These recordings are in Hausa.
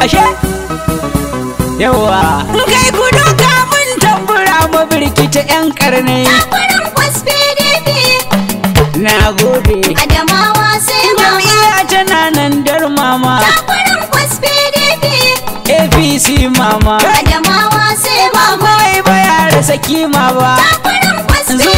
ashe yawa kai gudu kamun tambura mu birkita yan karni taburin kwasfe na gode adamawa sai mama iya tana nan dar mama taburin kwasfe apc mama adamawa sai mama bai baya da saki ma ba taburin kwasfe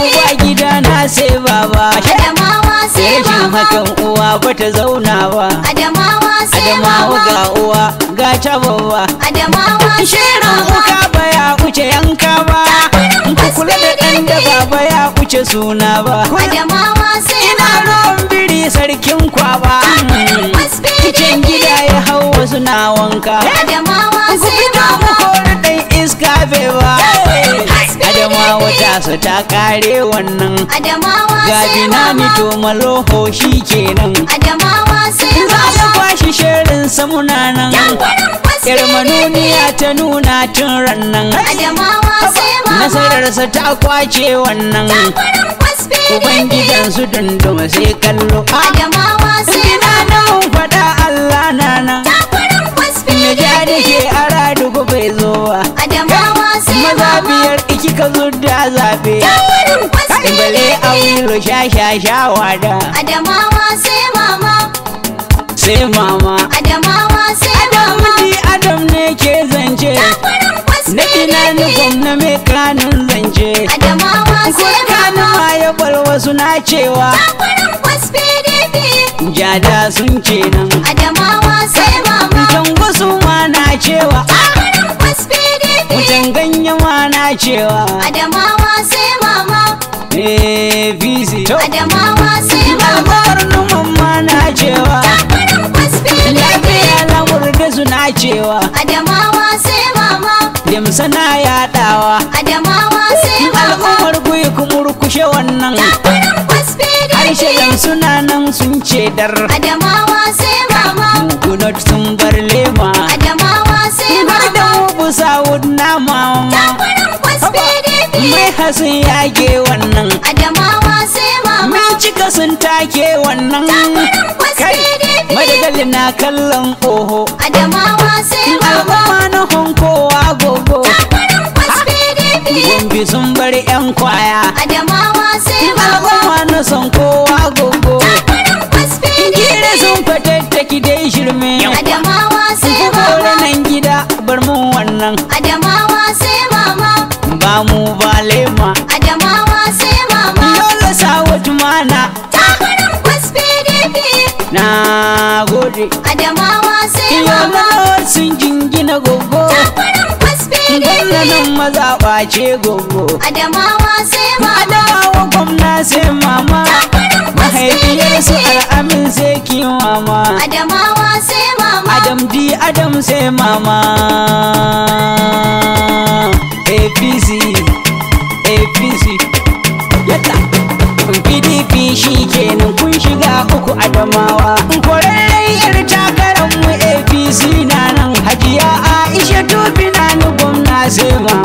uba gida na sai baba adamawa Reshin hakan uwa bata zauna ba. Adamawa sai mawa. ga uwa ga ta bawa. Adamawa Shirin uka baya kuce yanka ba. Kukula da ɗan da baba ya kuce suna ba. Adamawa sai Ina ruwan biri sarkin kwaba. Kicin gida ya hau wasu na wanka. su ta kare wannan adamawa gabi na mito maloho shi kenan adamawa za su kwashi shirin samuna nan yar ta nuna tun rannan nasarar ta kwace wannan su dundum sai kallo ah! ina na nan fada allah na na ja da ke ara dubu bai zo ba maza biyar ka zudda zabe kai bale aure sha sha sha wada adamawa sai mama sai mama adamawa sai mama adam adam ne ke zance na kina nufin na mai kanun zance adamawa sai mama ma ya balwa suna cewa jada sun ce nan adamawa cewa adamawa sai mama eh busy adamawa sai mama karnu mamma na cewa takurin kwaspe lafiya lamur da na cewa adamawa sai mama demsa na yadawa adamawa sai mama al'ummar guyi kumur kushe wannan takurin kwasfe harshe suna nan sun ce dar adamawa sun yage wannan adamawa sai mama mun cika sun take wannan kai madagali na kallon oho adamawa kamu balema ba lema adamawa sai mama sa sawatu mana takarar kwas pdp na gode adamawa sai mama sun jingina gogo takarar kwas pdp gannanin maza ce gogo adamawa sai mama adamawa gwamna sai mama mahaifiyarsu al'amin sai kiwon mama adamawa sai mama adam di adam sai mama apc apc yadda pdp shi kenan kun shiga uku adamawa kwararren yar takarar mu apc na nan hajiya aisha tufi na ni gwamna sai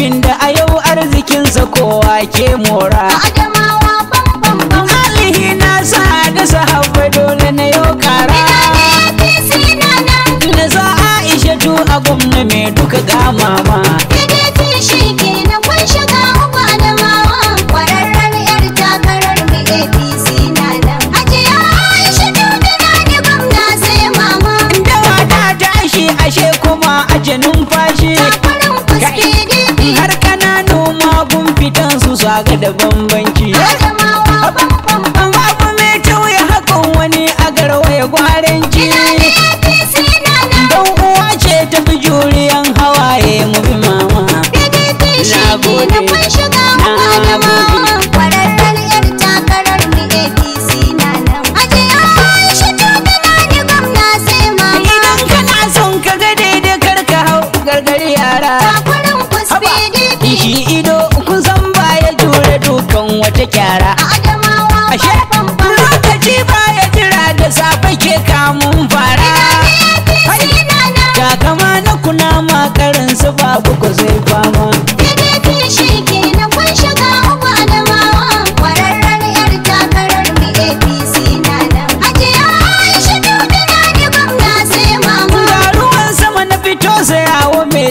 Binda a yau arzikinsa kowa ke mora. Adamawa bambam Alihi na sa da sahabbai dole na yau kara. Na za Aisha tu a gwamna mai duka gama ma. Guarandinho.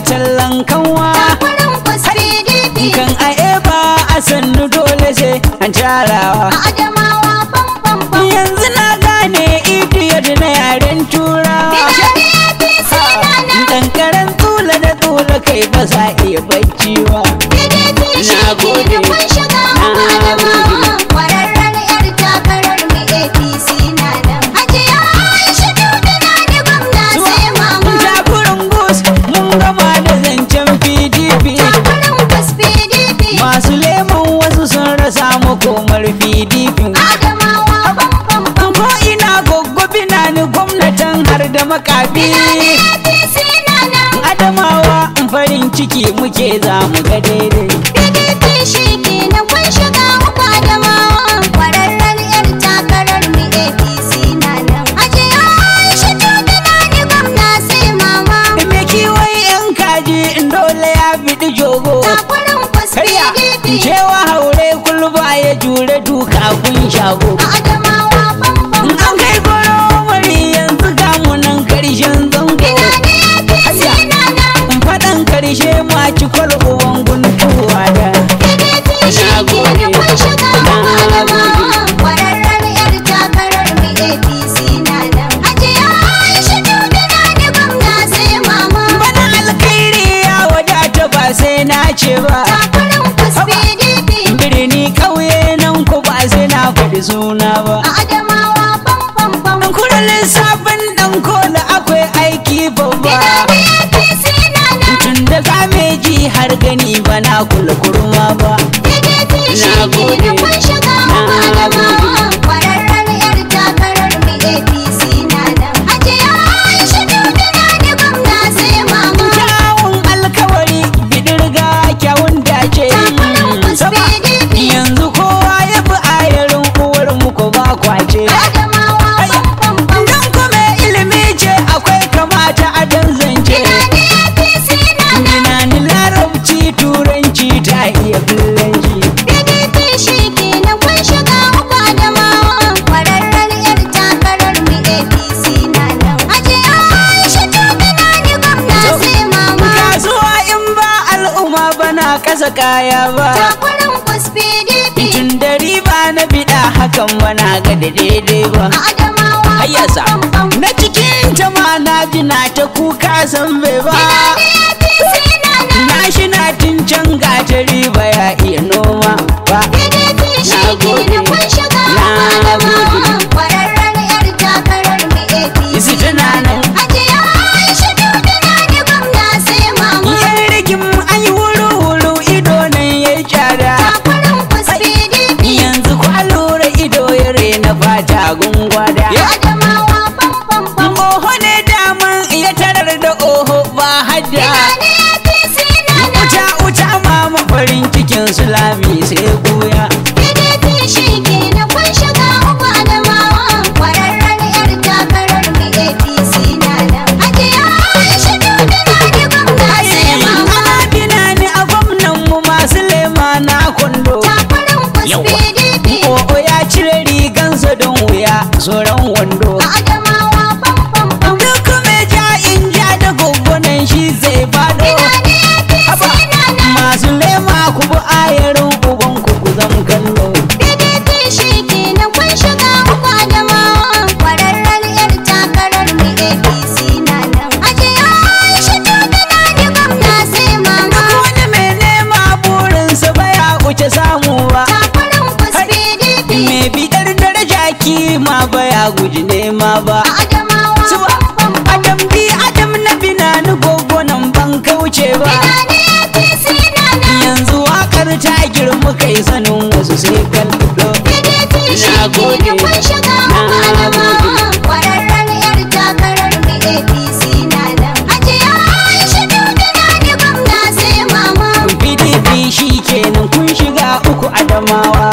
tallan kanwa kan a eba a sannu dole sai an yanzu na gane idiyar na yaren turawa dan karen tula da tula kai ba za iya bacci ne za mu ga daidai PDP shi ke na kun shiga uku da mawa kwararren yar takarar mu APC na nan aje Aisha to tana ni gwamna mama me kiwai yan kaji in dole ya fidi jogo kakurin kus PDP cewa haure kulba ya jure duka shago a adama que kaya ba Takwaran kwas PDP Tun dari ba na biɗa hakan wana ga da daidai ba Adamawa ayyasa Na cikin jama'a na jina na ta kuka san bai ba zanin wasu sai kan dubla. Kake ce shi ke da kun shiga muku alama. Kwararren yar takarar mu APC na nan. A ce ya yi shiga gina ne gwamna PDP shi kenan kun shiga uku adamawa.